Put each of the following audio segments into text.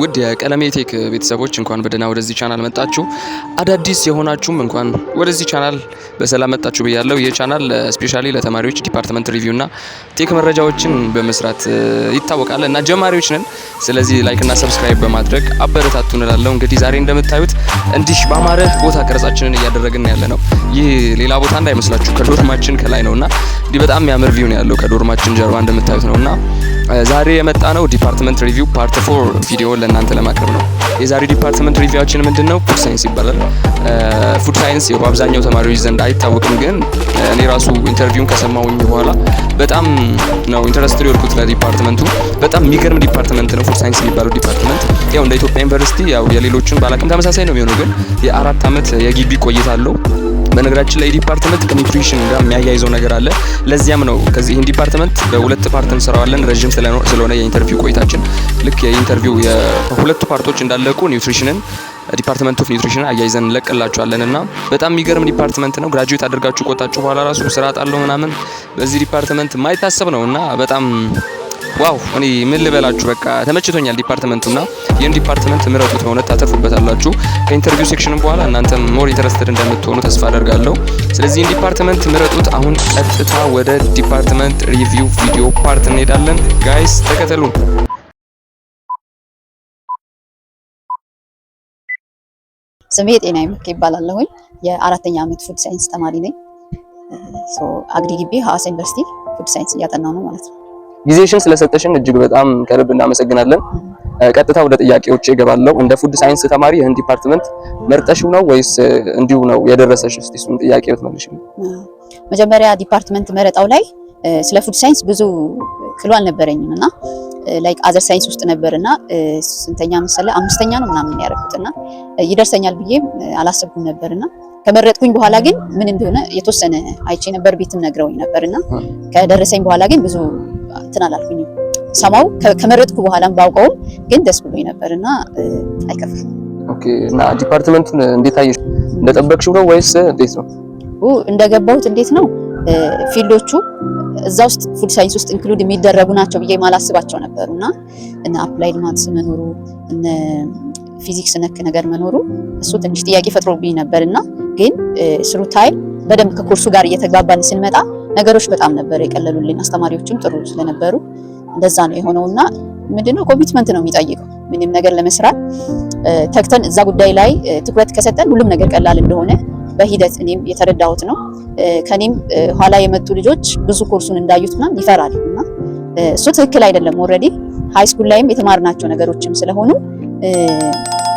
ውድ የቀለሜ ቴክ ቤተሰቦች እንኳን በደህና ወደዚህ ቻናል መጣችሁ። አዳዲስ የሆናችሁም እንኳን ወደዚህ ቻናል በሰላም መጣችሁ ብያለሁ። ይህ ቻናል ስፔሻሊ ለተማሪዎች ዲፓርትመንት እና ቴክ መረጃዎችን በመስራት ይታወቃል እና ጀማሪዎች ነን። ስለዚህ ላይክና ሰብስክራይብ በማድረግ አበረታቱ እንላለሁ። እንግዲህ ዛሬ እንደምታዩት እንዲህ በአማረ ቦታ ቀረጻችንን እያደረግን ያለ ነው። ይህ ሌላ ቦታ እንዳይመስላችሁ ከዶርማችን ከላይ ነው እና እንዲህ በጣም የሚያምር ቪው ነው ያለው ከዶርማችን ጀርባ እንደምታዩት ነው። እና ዛሬ የመጣ ነው ዲፓርትመንት ሪቪው ፓርት ፎር ቪዲዮ ለእናንተ ለማቅረብ ነው። የዛሬ ዲፓርትመንት ሪቪዋችን ምንድን ነው? ፉድ ሳይንስ ይባላል። ፉድ ሳይንስ በአብዛኛው ተማሪዎች ዘንድ አይታወቅም፣ ግን እኔ ራሱ ኢንተርቪውን ከሰማሁኝ በኋላ በጣም ነው ኢንተረስት የወድኩት ለዲፓርትመንቱ። በጣም የሚገርም ዲፓርትመንት ነው ፉድ ሳይንስ የሚባለው ዲፓርትመንት። ያው እንደ ኢትዮጵያ ዩኒቨርሲቲ ያው የሌሎችን ባላቅም ተመሳሳይ ነው የሚሆነው፣ ግን የአራት ዓመት የግቢ ቆይታ አለው በነገራችን ላይ ዲፓርትመንት ከኒውትሪሽን ጋር የሚያያይዘው ነገር አለ። ለዚያም ነው ከዚህ ይህን ዲፓርትመንት በሁለት ፓርት እንሰራዋለን። ረዥም ስለሆነ የኢንተርቪው ቆይታችን ልክ የኢንተርቪው ሁለቱ ፓርቶች እንዳለቁ ኒትሪሽንን ዲፓርትመንት ኦፍ ኒትሪሽን አያይዘን እንለቅላችኋለን እና በጣም የሚገርም ዲፓርትመንት ነው። ግራጁዌት አድርጋችሁ ቆጣችሁ በኋላ ራሱ ስራ ጣለው ምናምን በዚህ ዲፓርትመንት ማይታሰብ ነው እና በጣም ዋው እኔ ምን ልበላችሁ፣ በቃ ተመችቶኛል። ዲፓርትመንቱና ይህን ዲፓርትመንት ምረጡት፣ በእውነት ታተርፉበታላችሁ። ከኢንተርቪው ሴክሽንም በኋላ እናንተም ሞር ኢንተረስትድ እንደምትሆኑ ተስፋ አደርጋለሁ። ስለዚህ ይህን ዲፓርትመንት ምረጡት። አሁን ቀጥታ ወደ ዲፓርትመንት ሪቪው ቪዲዮ ፓርት እንሄዳለን። ጋይስ ተከተሉን። ስሜ ጤና ይምክ ይባላለሁኝ። የአራተኛ ዓመት ፉድ ሳይንስ ተማሪ ነኝ። አግሪ ግቢ ሀዋሳ ዩኒቨርሲቲ ፉድ ሳይንስ እያጠናው ነው ማለት ነው። ጊዜሽን ስለሰጠሽን እጅግ በጣም ከልብ እናመሰግናለን። ቀጥታ ወደ ጥያቄዎች እገባለሁ። እንደ ፉድ ሳይንስ ተማሪ ይህን ዲፓርትመንት መርጠሽው ነው ወይስ እንዲሁ ነው የደረሰሽ? እስቲ እሱን ጥያቄ ብትመልሺልኝ። መጀመሪያ ዲፓርትመንት መረጣው ላይ ስለ ፉድ ሳይንስ ብዙ ክሉ አልነበረኝም እና ላይክ አዘር ሳይንስ ውስጥ ነበርና ስንተኛ መሰለ አምስተኛ ነው ምናምን ያደረኩትና ይደርሰኛል ብዬ አላሰብኩም ነበርና ከመረጥኩኝ በኋላ ግን ምን እንደሆነ የተወሰነ አይቼ ነበር፣ ቤትም ነግረውኝ ነበርና ከደረሰኝ በኋላ ግን ብዙ እንትን አላልኩኝም። ሰማው ከመረጥኩ በኋላም ባውቀውም ግን ደስ ብሎኝ ነበር እና አይከፍል ኦኬ። እና ዲፓርትመንቱን እንዴት አየሽ? እንደጠበቅሽው ነው ወይስ እንዴት ነው? እንደገባሁት እንዴት ነው ፊልዶቹ እዛ ውስጥ ፉድ ሳይንስ ውስጥ ኢንክሉድ የሚደረጉ ናቸው ብዬ ማላስባቸው ነበሩና እና አፕላይድ ማትስ መኖሩ እነ ፊዚክስ ነክ ነገር መኖሩ እሱ ትንሽ ጥያቄ ፈጥሮብኝ ነበር እና ግን ስሩ ታይም በደንብ ከኮርሱ ጋር እየተግባባን ስንመጣ ነገሮች በጣም ነበር የቀለሉልኝ። አስተማሪዎችም ጥሩ ስለነበሩ እንደዛ ነው የሆነው እና ምንድነው ኮሚትመንት ነው የሚጠይቀው ምንም ነገር ለመስራት ተግተን እዛ ጉዳይ ላይ ትኩረት ከሰጠን ሁሉም ነገር ቀላል እንደሆነ በሂደት እኔም የተረዳሁት ነው። ከኔም ኋላ የመጡ ልጆች ብዙ ኮርሱን እንዳዩት ምናምን ይፈራል እና እሱ ትክክል አይደለም። ኦልሬዲ ሃይስኩል ላይም የተማርናቸው ነገሮችም ስለሆኑ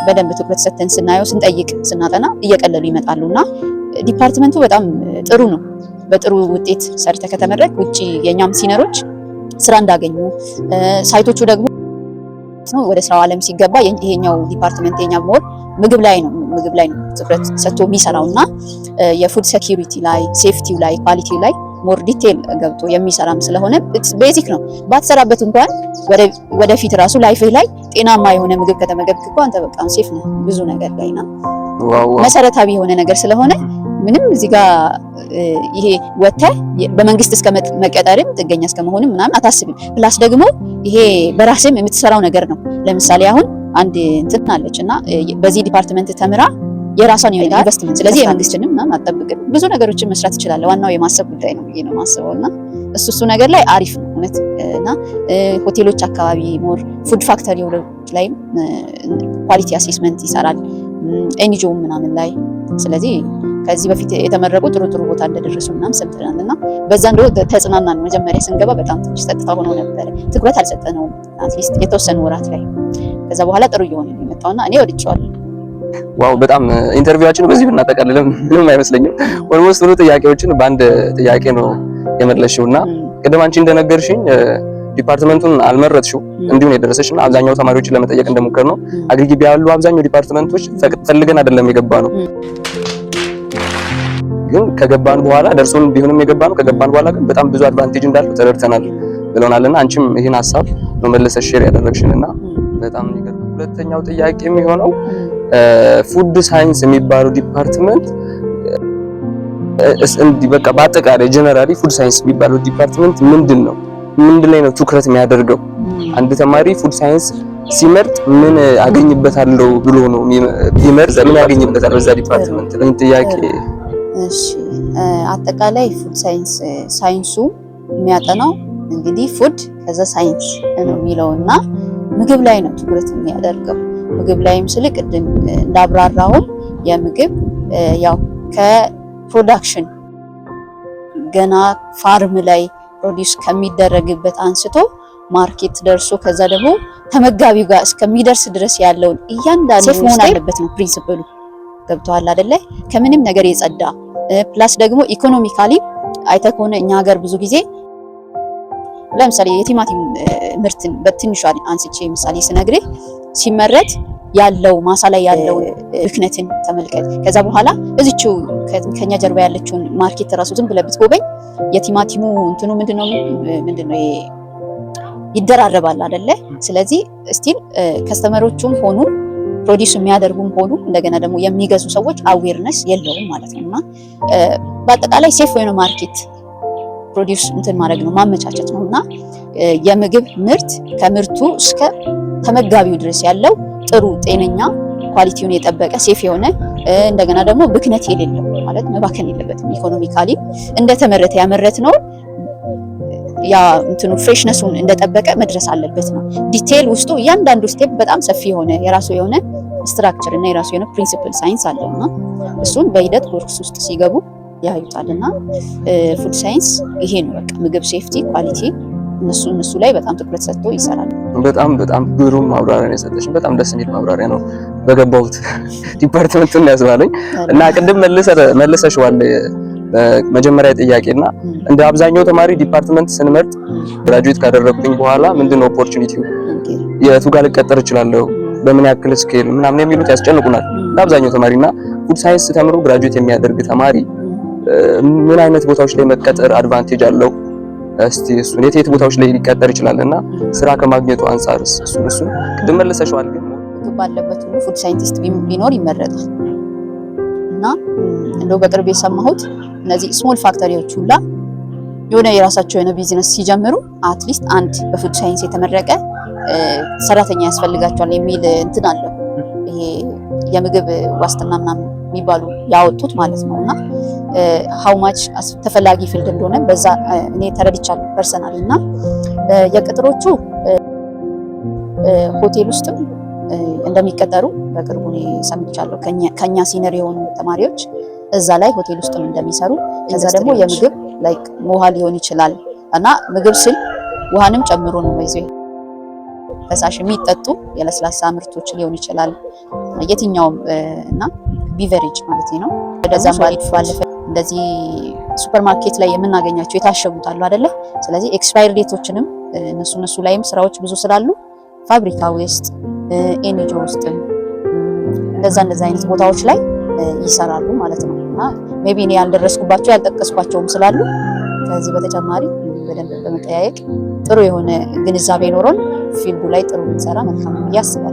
በደንብ ትኩረት ሰጥተን ስናየው፣ ስንጠይቅ፣ ስናጠና እየቀለሉ ይመጣሉ እና ዲፓርትመንቱ በጣም ጥሩ ነው። በጥሩ ውጤት ሰርተ ከተመረቅ ውጭ የኛም ሲነሮች ስራ እንዳገኙ ሳይቶቹ ደግሞ ወደ ስራው አለም ሲገባ ይሄኛው ዲፓርትመንት የኛው ሞር ምግብ ላይ ነው ምግብ ላይ ነው ትኩረት ሰጥቶ የሚሰራው እና የፉድ ሴኪሪቲ ላይ ሴፍቲው ላይ ኳሊቲው ላይ ሞር ዲቴል ገብቶ የሚሰራም ስለሆነ ቤዚክ ነው። ባትሰራበት እንኳን ወደፊት ራሱ ላይፍህ ላይ ጤናማ የሆነ ምግብ ከተመገብክ እኮ አንተ በቃ ሴፍ ነህ ብዙ ነገር ላይና መሰረታዊ የሆነ ነገር ስለሆነ ምንም እዚህ ጋር ይሄ ወጥተህ በመንግስት እስከ መቀጠርም ጥገኛ መሆንም ምናምን አታስብም። ፕላስ ደግሞ ይሄ በራስም የምትሰራው ነገር ነው። ለምሳሌ አሁን አንድ እንትን አለች እና በዚህ ዲፓርትመንት ተምራ የራሷን ኢንቨስትመንት ስለዚህ የመንግስትንም ምናምን አጠብቅም ብዙ ነገሮችን መስራት ትችላለህ። ዋናው የማሰብ ጉዳይ ነው ብዬ ነው የማስበው እና እሱ እሱ ነገር ላይ አሪፍ ነው እውነት እና ሆቴሎች አካባቢ ሞር ፉድ ፋክተሪ ላይም ኳሊቲ አሴስመንት ይሰራል። ኤንጂኦ ምናምን ላይ ስለዚህ ከዚህ በፊት የተመረቁ ጥሩ ጥሩ ቦታ እንደደረሱ ምናምን ሰምተናል እና በዛ ንደ ተጽናናን። መጀመሪያ ስንገባ በጣም ትንሽ ጸጥታ ሆኖ ነበረ ትኩረት አልሰጠነውም አትሊስት የተወሰኑ ወራት ላይ። ከዛ በኋላ ጥሩ እየሆነ ነው የመጣውና እኔ ወድጄዋለሁ። ዋው በጣም ኢንተርቪዋችን በዚህ ብናጠቃልልም ምንም አይመስለኝም። ኦልሞስት ሁሉ ጥያቄዎችን በአንድ ጥያቄ ነው የመለሽውና ቅድም አንቺ እንደነገርሽኝ ዲፓርትመንቱን አልመረጥሽው እንዲሁን የደረሰሽ እና አብዛኛው ተማሪዎችን ለመጠየቅ እንደሞከር ነው አግሪግቢ ያሉ አብዛኛው ዲፓርትመንቶች ፈልገን አይደለም የገባ ነው። ግን ከገባን በኋላ ደርሶን ቢሆንም የገባ ነው። ከገባን በኋላ ግን በጣም ብዙ አድቫንቴጅ እንዳለው ተረድተናል እና አንቺም ይህን ሀሳብ መመለሰሽ ሼር እና በጣም ይገርም። ሁለተኛው ጥያቄ የሚሆነው ፉድ ሳይንስ የሚባለው ዲፓርትመንት እንዲህ በቃ በአጠቃላይ ጀነራሊ ፉድ ሳይንስ የሚባለው ዲፓርትመንት ምንድን ነው? ምንድን ላይ ነው ትኩረት የሚያደርገው? አንድ ተማሪ ፉድ ሳይንስ ሲመርጥ ምን አገኝበታለሁ ብሎ ነው ቢመርጥ ምን ያገኝበታል በዛ ዲፓርትመንት? ለምን ጥያቄ እሺ፣ አጠቃላይ ፉድ ሳይንስ ሳይንሱ የሚያጠናው እንግዲህ ፉድ ከዛ ሳይንስ ነው የሚለውና ምግብ ላይ ነው ትኩረት የሚያደርገው። ምግብ ላይም ስል ቅድም እንዳብራራውም የምግብ ያው ከፕሮዳክሽን ገና ፋርም ላይ ፕሮዲስ ከሚደረግበት አንስቶ ማርኬት ደርሶ ከዛ ደግሞ ተመጋቢው ጋር እስከሚደርስ ድረስ ያለውን እያንዳንዱ ሴፍ መሆን አለበት ነው ፕሪንሲፕሉ። ገብተዋል አይደለ? ከምንም ነገር የጸዳ ፕላስ ደግሞ ኢኮኖሚካሊ አይተ ከሆነ እኛ ሀገር ብዙ ጊዜ ለምሳሌ የቲማቲም ምርትን በትንሿ አንስቼ ምሳሌ ስነግርህ ሲመረት ያለው ማሳ ላይ ያለው ብክነትን ተመልከት። ከዛ በኋላ እዚችው ከኛ ጀርባ ያለችውን ማርኬት ራሱ ዝም ብለህ ብትጎበኝ የቲማቲሙ እንትኑ ምንድነው ምንድነው ይደራረባል አይደለ? ስለዚህ ስቲል ከስተመሮቹም ሆኑ ፕሮዲስ የሚያደርጉም ሆኑ እንደገና ደግሞ የሚገዙ ሰዎች አዌርነስ የለውም ማለት ነው እና በአጠቃላይ ሴፍ የሆነ ማርኬት ፕሮዲውስ እንትን ማድረግ ነው ማመቻቸት ነው እና የምግብ ምርት ከምርቱ እስከ ተመጋቢው ድረስ ያለው ጥሩ ጤነኛ ኳሊቲውን የጠበቀ ሴፍ የሆነ እንደገና ደግሞ ብክነት የሌለው ማለት መባከን የለበትም። ኢኮኖሚካሊ እንደተመረተ ያመረት ነው ያ እንትኑ ፍሬሽነሱን እንደጠበቀ መድረስ አለበት ነው። ዲቴይል ውስጡ እያንዳንዱ ስቴፕ በጣም ሰፊ የሆነ የራሱ የሆነ ስትራክቸር እና የራሱ የሆነ ፕሪንሲፕል ሳይንስ እና እሱን በሂደት ኮርስ ውስጥ ሲገቡ ያዩታል። እና ፉድ ሳይንስ ይሄ ነው በቃ ምግብ ሴፍቲ፣ ኳሊቲ እነሱ እነሱ ላይ በጣም ትኩረት ሰጥቶ ይሰራል። በጣም በጣም ግሩም ማብራሪያ ነው የሰጠሽኝ። በጣም ደስ የሚል ማብራሪያ ነው። በገባሁት ዲፓርትመንቱን ያስባለኝ እና ቅድም መልሰሽዋል መጀመሪያ ጥያቄ እና እንደ አብዛኛው ተማሪ ዲፓርትመንት ስንመርጥ ግራጁዌት ካደረግኩኝ በኋላ ምንድን ነው ኦፖርቹኒቲው፣ የቱ ጋር ልቀጠር እችላለሁ፣ በምን ያክል ስኬል ምናምን የሚሉት ያስጨንቁናል ተማሪ ተማሪና ፉድ ሳይንስ ተምሮ ግራጁዌት የሚያደርግ ተማሪ ምን አይነት ቦታዎች ላይ መቀጠር አድቫንቴጅ አለው? እስቲ እሱን የት የት ቦታዎች ላይ ሊቀጠር ይችላል እና ስራ ከማግኘቱ አንፃር እሱን እሱን ቅድም መለሰሽዋል፣ ግን ባለበት ሁሉ ፉድ ሳይንቲስት ቢኖር ይመረጣል እና እንደው በቅርብ የሰማሁት እነዚህ ስሞል ፋክተሪዎች ሁላ የሆነ የራሳቸው የሆነ ቢዝነስ ሲጀምሩ አትሊስት አንድ በፉድ ሳይንስ የተመረቀ ሰራተኛ ያስፈልጋቸዋል የሚል እንትን አለው። ይሄ የምግብ ዋስትና ምናምን የሚባሉ ያወጡት ማለት ነው እና ሀው ማች ተፈላጊ ፊልድ እንደሆነ በዛ እኔ ተረድቻለሁ ፐርሰናል እና የቅጥሮቹ ሆቴል ውስጥም እንደሚቀጠሩ በቅርቡ እኔ ሰምቻለሁ። ከኛ ሲነር የሆኑ ተማሪዎች እዛ ላይ ሆቴል ውስጥም እንደሚሰሩ ከዛ ደግሞ የምግብ ላይክ ውሃ ሊሆን ይችላል እና ምግብ ስል ውሃንም ጨምሮ ነው ይዞ ፈሳሽ የሚጠጡ የለስላሳ ምርቶች ሊሆን ይችላል የትኛውም እና ቢቨሬጅ ማለት ነው። ወደዛም ባለፈ እንደዚህ ሱፐር ማርኬት ላይ የምናገኛቸው የታሸጉት አሉ አደለ? ስለዚህ ኤክስፓየር ዴቶችንም እነሱ እነሱ ላይም ስራዎች ብዙ ስላሉ ፋብሪካ ውስጥ ኤንጂኦ ውስጥ እንደዛ እንደዛ አይነት ቦታዎች ላይ ይሰራሉ ማለት ነው። እና ቢ እኔ ያልደረስኩባቸው ያልጠቀስኳቸውም ስላሉ ከዚህ በተጨማሪ በደንብ በመጠያየቅ ጥሩ የሆነ ግንዛቤ ኖሮን ፊልዱ ላይ ጥሩ ብንሰራ መልካም ነው ብዬ አስባለሁ።